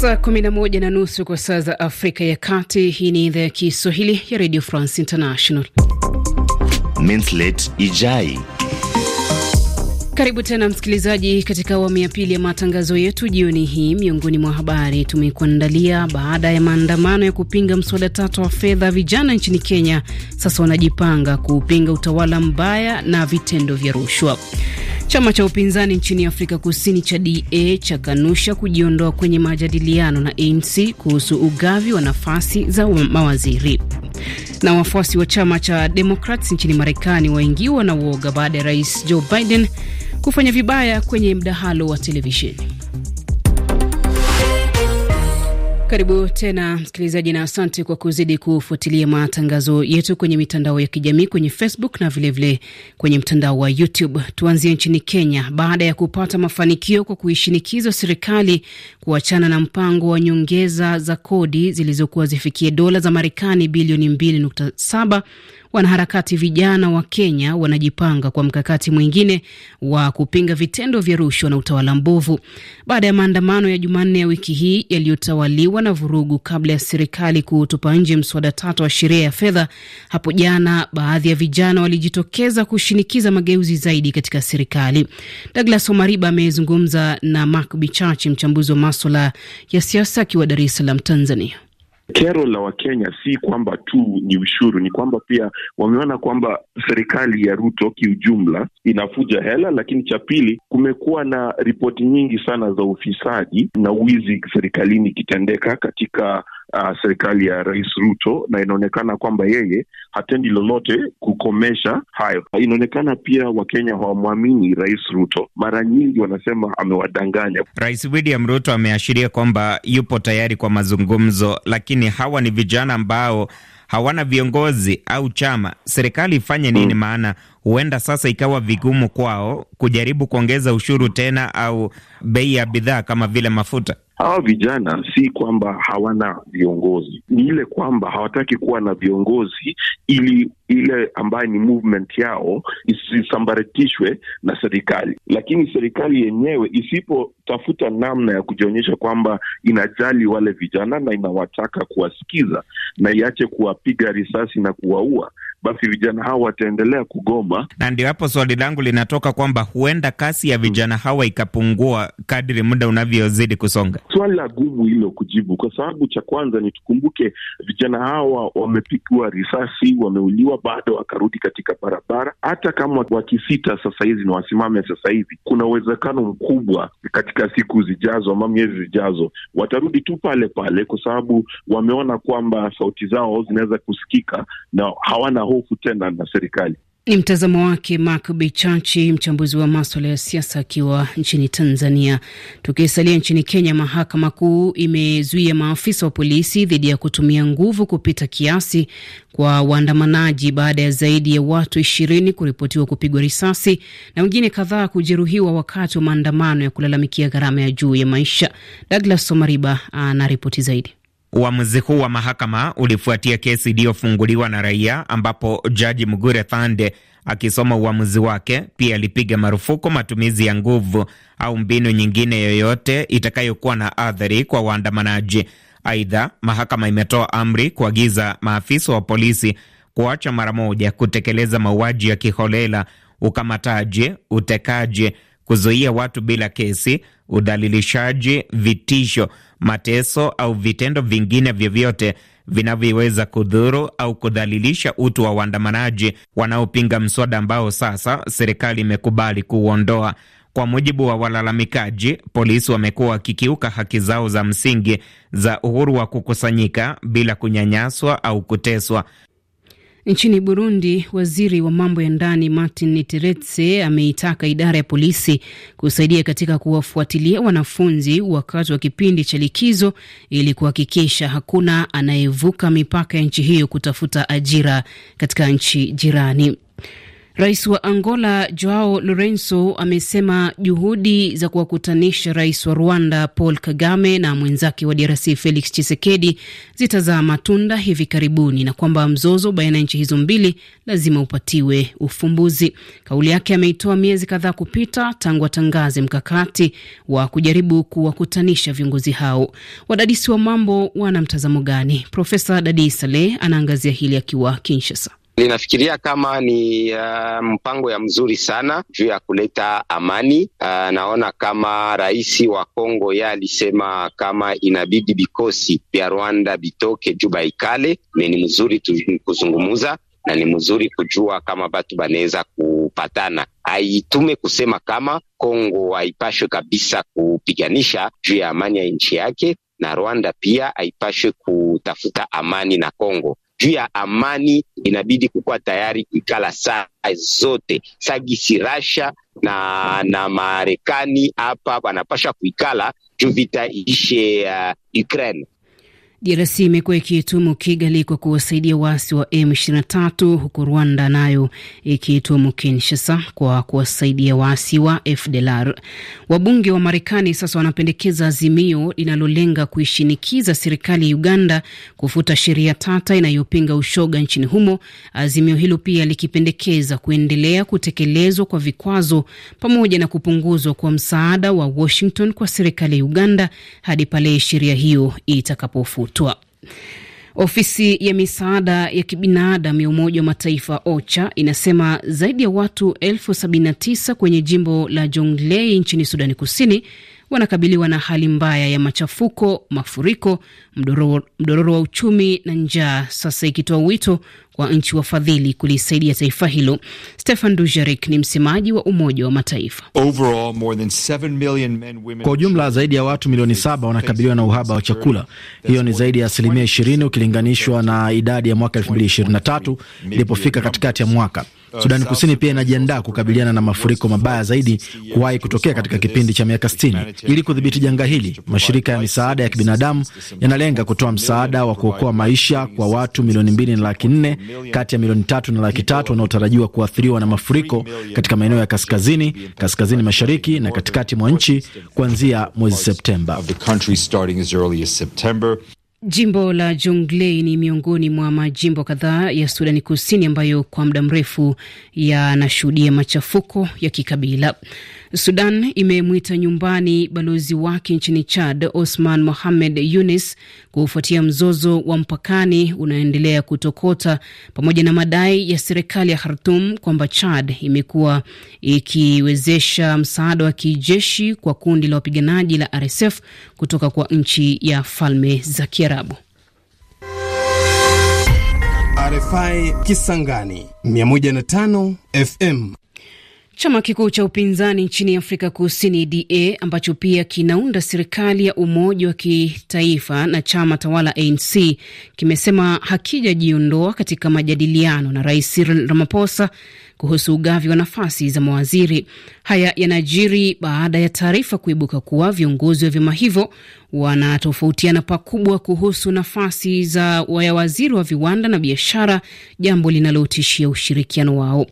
Saa 11 na nusu kwa saa za Afrika ya Kati. Hii ni idhaa ya Kiswahili ya Radio France International. Minslet Ijai. Karibu tena msikilizaji, katika awamu ya pili ya matangazo yetu jioni hii. Miongoni mwa habari tumekuandalia: baada ya maandamano ya kupinga mswada tatu wa fedha, vijana nchini Kenya sasa wanajipanga kuupinga utawala mbaya na vitendo vya rushwa. Chama cha upinzani nchini Afrika Kusini cha DA cha kanusha kujiondoa kwenye majadiliano na ANC kuhusu ugavi wa nafasi za mawaziri. Na wafuasi wa chama cha Demokrats nchini Marekani waingiwa na uoga baada ya Rais Joe Biden kufanya vibaya kwenye mdahalo wa televisheni. Karibu tena msikilizaji, na asante kwa kuzidi kufuatilia matangazo yetu kwenye mitandao ya kijamii, kwenye Facebook na vilevile vile kwenye mtandao wa YouTube. Tuanzie nchini Kenya. Baada ya kupata mafanikio kwa kuishinikiza serikali kuachana na mpango wa nyongeza za kodi zilizokuwa zifikie dola za Marekani bilioni 2.7. Wanaharakati vijana wa Kenya wanajipanga kwa mkakati mwingine wa kupinga vitendo vya rushwa na utawala mbovu baada ya maandamano ya Jumanne ya wiki hii yaliyotawaliwa na vurugu kabla ya serikali kuutupa nje mswada tatu wa sheria ya fedha. Hapo jana, baadhi ya vijana walijitokeza kushinikiza mageuzi zaidi katika serikali. Douglas Omariba amezungumza na Mark Bichachi, mchambuzi wa maswala ya siasa akiwa Dar es Salaam, Tanzania. Kero la Wakenya si kwamba tu ni ushuru, ni kwamba pia wameona kwamba serikali ya Ruto kiujumla inafuja hela. Lakini cha pili, kumekuwa na ripoti nyingi sana za ufisadi na wizi serikalini ikitendeka katika uh, serikali ya Rais Ruto, na inaonekana kwamba yeye hatendi lolote kukomesha hayo. Inaonekana pia Wakenya hawamwamini Rais Ruto, mara nyingi wanasema amewadanganya. Rais William Ruto ameashiria kwamba yupo tayari kwa mazungumzo, lakini hawa ni vijana ambao hawana viongozi au chama. Serikali ifanye nini? Mm. Maana huenda sasa ikawa vigumu kwao kujaribu kuongeza ushuru tena au bei ya bidhaa kama vile mafuta hawa vijana si kwamba hawana viongozi, ni ile kwamba hawataki kuwa na viongozi ili ile ambayo ni movement yao isisambaratishwe na serikali, lakini serikali yenyewe isipotafuta namna ya kujionyesha kwamba inajali wale vijana na inawataka kuwasikiza na iache kuwapiga risasi na kuwaua basi vijana hao wataendelea kugoma, na ndio hapo swali langu linatoka kwamba huenda kasi ya vijana hmm, hawa ikapungua kadri muda unavyozidi kusonga. Swala gumu hilo kujibu, kwa sababu cha kwanza ni tukumbuke, vijana hawa wamepigwa risasi, wameuliwa, bado wakarudi katika barabara. Hata kama wakisita sasa hizi na wasimame sasa hizi kuna uwezekano mkubwa katika siku zijazo ama miezi zijazo watarudi tu pale pale, kwa sababu wameona kwamba sauti zao zinaweza kusikika na hawana hofu tena na serikali. Ni mtazamo wake Mark Bichachi, mchambuzi wa maswala ya siasa akiwa nchini Tanzania. Tukisalia nchini Kenya, mahakama kuu imezuia maafisa wa polisi dhidi ya kutumia nguvu kupita kiasi kwa waandamanaji baada ya zaidi ya watu ishirini kuripotiwa kupigwa risasi na wengine kadhaa kujeruhiwa wakati wa maandamano ya kulalamikia gharama ya juu ya maisha. Douglas Somariba anaripoti zaidi. Uamuzi huu wa mahakama ulifuatia kesi iliyofunguliwa na raia, ambapo jaji Mugure Thande akisoma uamuzi wake pia alipiga marufuku matumizi ya nguvu au mbinu nyingine yoyote itakayokuwa na athari kwa waandamanaji. Aidha, mahakama imetoa amri kuagiza maafisa wa polisi kuacha mara moja kutekeleza mauaji ya kiholela, ukamataji, utekaji, kuzuia watu bila kesi, udhalilishaji, vitisho mateso au vitendo vingine vyovyote vinavyoweza kudhuru au kudhalilisha utu wa waandamanaji wanaopinga mswada ambao sasa serikali imekubali kuuondoa. Kwa mujibu wa walalamikaji, polisi wamekuwa wakikiuka haki zao za msingi za uhuru wa kukusanyika bila kunyanyaswa au kuteswa. Nchini Burundi, waziri wa mambo ya ndani Martin Niteretse ameitaka idara ya polisi kusaidia katika kuwafuatilia wanafunzi wakati wa kipindi cha likizo ili kuhakikisha hakuna anayevuka mipaka ya nchi hiyo kutafuta ajira katika nchi jirani. Rais wa Angola Joao Lorenzo amesema juhudi za kuwakutanisha rais wa Rwanda Paul Kagame na mwenzake wa DRC Felix Tshisekedi zitazaa matunda hivi karibuni na kwamba mzozo baina ya nchi hizo mbili lazima upatiwe ufumbuzi. Kauli yake ameitoa miezi kadhaa kupita tangu atangaze mkakati wa kujaribu kuwakutanisha viongozi hao. Wadadisi wa mambo wana mtazamo gani? Profesa Dadi Saleh anaangazia hili akiwa Kinshasa. Ninafikiria kama ni uh, mpango ya mzuri sana juu ya kuleta amani. Uh, naona kama rais wa Kongo ye alisema kama inabidi vikosi vya Rwanda vitoke juu baikale, ni mzuri kuzungumuza na ni mzuri kujua kama batu banaweza kupatana. Haitume kusema kama Kongo haipashwe kabisa kupiganisha juu ya amani ya nchi yake, na Rwanda pia haipashwe kutafuta amani na Kongo juu ya amani, inabidi kukuwa tayari kuikala saa zote sagisi Rasha na na Marekani hapa wanapasha kuikala juu vita ishe uh, Ukraine. DRC imekuwa ikiitumu Kigali kwa kuwasaidia waasi wa M23 huku Rwanda nayo ikiitumu Kinshasa kwa kuwasaidia waasi wa FDLR. Wabunge wa Marekani sasa wanapendekeza azimio linalolenga kuishinikiza serikali ya Uganda kufuta sheria tata inayopinga ushoga nchini humo, azimio hilo pia likipendekeza kuendelea kutekelezwa kwa vikwazo pamoja na kupunguzwa kwa msaada wa Washington kwa serikali ya Uganda hadi pale sheria hiyo itakapofuta kutwa. Ofisi ya misaada ya kibinadamu ya Umoja wa Mataifa OCHA inasema zaidi ya watu elfu 79 kwenye jimbo la Jonglei nchini Sudani Kusini wanakabiliwa na hali mbaya ya machafuko, mafuriko, mdororo, wa uchumi na njaa, sasa ikitoa wito kwa nchi wafadhili kulisaidia taifa hilo. Stefan Dujarric ni msemaji wa Umoja wa Mataifa. Overall, more than 7 million men, women... kwa ujumla zaidi ya watu milioni saba wanakabiliwa na uhaba wa chakula. Hiyo ni zaidi ya asilimia 20 ukilinganishwa na idadi ya mwaka 2023 ilipofika katikati ya mwaka. Sudani Kusini pia inajiandaa kukabiliana na mafuriko mabaya zaidi kuwahi kutokea katika kipindi cha miaka 60. Ili kudhibiti janga hili, mashirika ya misaada ya kibinadamu yanalenga kutoa msaada wa kuokoa maisha kwa watu milioni mbili na laki nne kati ya milioni tatu na laki tatu wanaotarajiwa kuathiriwa na mafuriko katika maeneo ya kaskazini, kaskazini mashariki na katikati mwa nchi kuanzia mwezi Septemba. Jimbo la Jonglei ni miongoni mwa majimbo kadhaa ya Sudani Kusini ambayo kwa muda mrefu yanashuhudia machafuko ya kikabila. Sudan imemwita nyumbani balozi wake nchini Chad, Osman Mohamed Yunis, kufuatia mzozo wa mpakani unaoendelea kutokota pamoja na madai ya serikali ya Khartum kwamba Chad imekuwa ikiwezesha msaada wa kijeshi kwa kundi la wapiganaji la RSF kutoka kwa nchi ya Falme za Kiarabu. RFI Kisangani 105 FM Chama kikuu cha upinzani nchini Afrika Kusini DA ambacho pia kinaunda serikali ya umoja wa kitaifa na chama tawala ANC kimesema hakijajiondoa katika majadiliano na Rais Cyril Ramaphosa kuhusu ugavi wa nafasi za mawaziri. Haya yanajiri baada ya taarifa kuibuka kuwa viongozi wa vyama hivyo wanatofautiana pakubwa kuhusu nafasi za waziri wa viwanda na biashara, jambo linalotishia ushirikiano wao.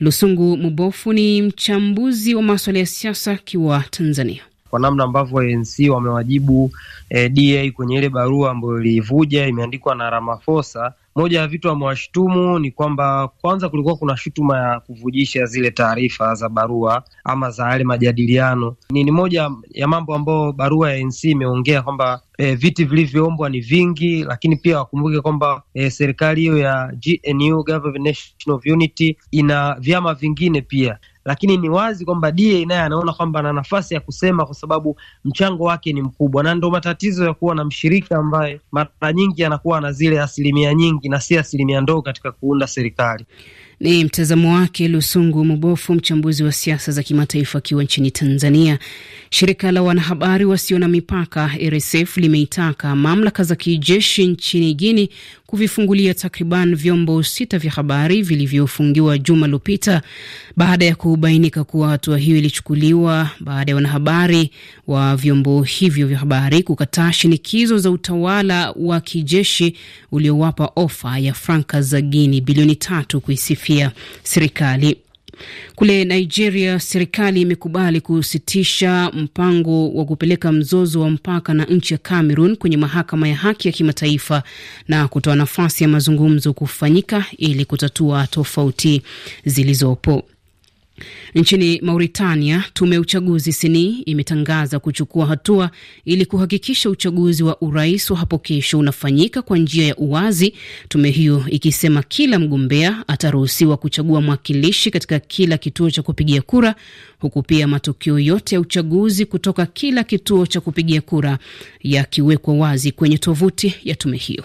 Lusungu Mubofu ni mchambuzi wa maswala ya siasa akiwa Tanzania. Kwa namna ambavyo ANC wamewajibu eh, DA kwenye ile barua ambayo ilivuja imeandikwa na Ramaphosa moja ya vitu amewashutumu ni kwamba kwanza kulikuwa kuna shutuma ya kuvujisha zile taarifa za barua ama za yale majadiliano. Ni, ni moja ya mambo ambayo barua ya NC imeongea kwamba e, viti vilivyoombwa ni vingi, lakini pia wakumbuke kwamba e, serikali hiyo ya GNU Government National Unity ina vyama vingine pia lakini ni wazi kwamba DA naye anaona kwamba ana nafasi ya kusema kwa sababu mchango wake ni mkubwa, na ndo matatizo ya kuwa na mshirika ambaye mara nyingi anakuwa na zile asilimia nyingi na si asilimia ndogo katika kuunda serikali. Ni mtazamo wake Lusungu Mubofu, mchambuzi wa siasa za kimataifa akiwa nchini Tanzania. Shirika la wanahabari wasio na mipaka RSF limeitaka mamlaka za kijeshi nchini Guini kuvifungulia takriban vyombo sita vya habari vilivyofungiwa juma lililopita baada ya kubainika kuwa hatua hiyo ilichukuliwa baada ya wanahabari wa vyombo hivyo vya habari kukataa shinikizo za utawala wa kijeshi uliowapa ofa ya franka za Guini bilioni tatu kuisifia serikali. Kule Nigeria, serikali imekubali kusitisha mpango wa kupeleka mzozo wa mpaka na nchi ya Cameroon kwenye mahakama ya haki ya kimataifa na kutoa nafasi ya mazungumzo kufanyika ili kutatua tofauti zilizopo. Nchini Mauritania, tume ya uchaguzi Seni imetangaza kuchukua hatua ili kuhakikisha uchaguzi wa urais wa hapo kesho unafanyika kwa njia ya uwazi, tume hiyo ikisema kila mgombea ataruhusiwa kuchagua mwakilishi katika kila kituo cha kupigia kura, huku pia matokeo yote ya uchaguzi kutoka kila kituo cha kupigia kura yakiwekwa wazi kwenye tovuti ya tume hiyo.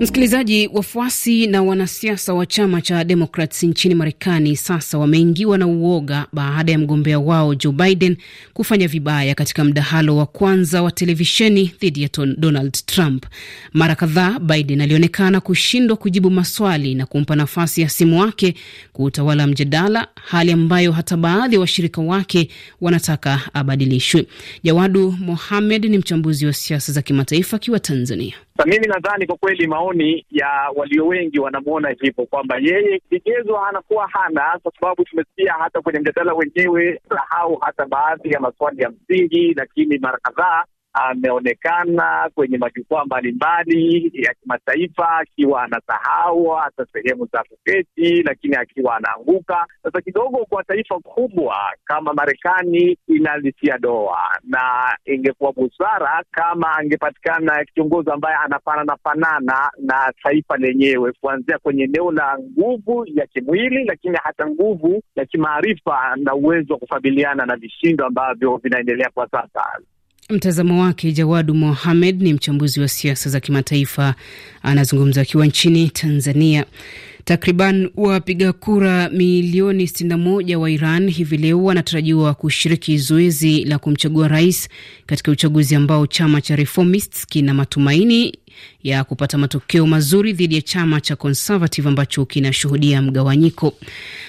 Msikilizaji, wafuasi na wanasiasa wa chama cha demokrat nchini Marekani sasa wameingiwa na uoga baada ya mgombea wao Joe Biden kufanya vibaya katika mdahalo wa kwanza wa televisheni dhidi ya Donald Trump. Mara kadhaa Biden alionekana kushindwa kujibu maswali na kumpa nafasi ya simu wake kuutawala mjadala, hali ambayo hata baadhi ya wa washirika wake wanataka abadilishwe. Jawadu Mohamed ni mchambuzi wa siasa za kimataifa akiwa Tanzania sa mimi nadhani kwa kweli maoni ya walio wengi wanamwona hivyo kwamba yeye kigezo anakuwa hana, kwa sababu tumesikia hata kwenye mjadala wenyewe sahau hata baadhi ya maswali ya msingi, lakini mara kadhaa ameonekana kwenye majukwaa mbalimbali ya kimataifa akiwa anasahau hata sehemu za kuketi, lakini akiwa anaanguka. Sasa kidogo kwa taifa kubwa kama Marekani inalitia doa, na ingekuwa busara kama angepatikana kiongozi ambaye anafanana fanana na taifa lenyewe, kuanzia kwenye eneo la nguvu ya kimwili, lakini hata nguvu ya kimaarifa na uwezo wa kukabiliana na vishindo ambavyo vinaendelea kwa sasa. Mtazamo wake Jawadu Mohamed ni mchambuzi wa siasa za kimataifa, anazungumza akiwa nchini Tanzania. Takriban wapiga kura milioni 61 wa Iran hivi leo wanatarajiwa kushiriki zoezi la kumchagua rais katika uchaguzi ambao chama cha Reformists kina matumaini ya kupata matokeo mazuri dhidi ya chama cha Conservative ambacho kinashuhudia mgawanyiko.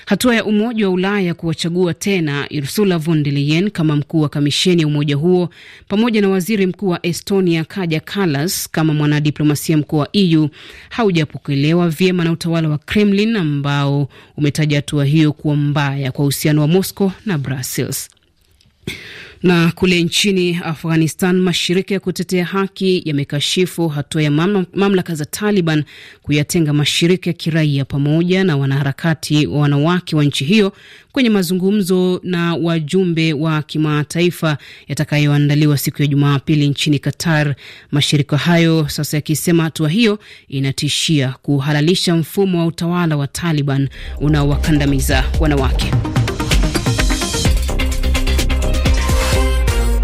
Hatua ya Umoja wa Ulaya kuwachagua tena Ursula von der Leyen kama mkuu wa kamisheni ya umoja huo pamoja na waziri mkuu wa Estonia Kaja Kallas kama mwanadiplomasia mkuu wa EU haujapokelewa vyema na utawala wa Kremlin ambao umetaja hatua hiyo kuwa mbaya kwa uhusiano wa Moscow na Brussels. Na kule nchini Afghanistan, mashirika ya kutetea haki yamekashifu hatua ya mamlaka za Taliban kuyatenga mashirika ya kiraia pamoja na wanaharakati wa wanawake wa nchi hiyo kwenye mazungumzo na wajumbe wa kimataifa yatakayoandaliwa siku ya Jumapili nchini Qatar, mashirika hayo sasa yakisema hatua hiyo inatishia kuhalalisha mfumo wa utawala wa Taliban unaowakandamiza wanawake.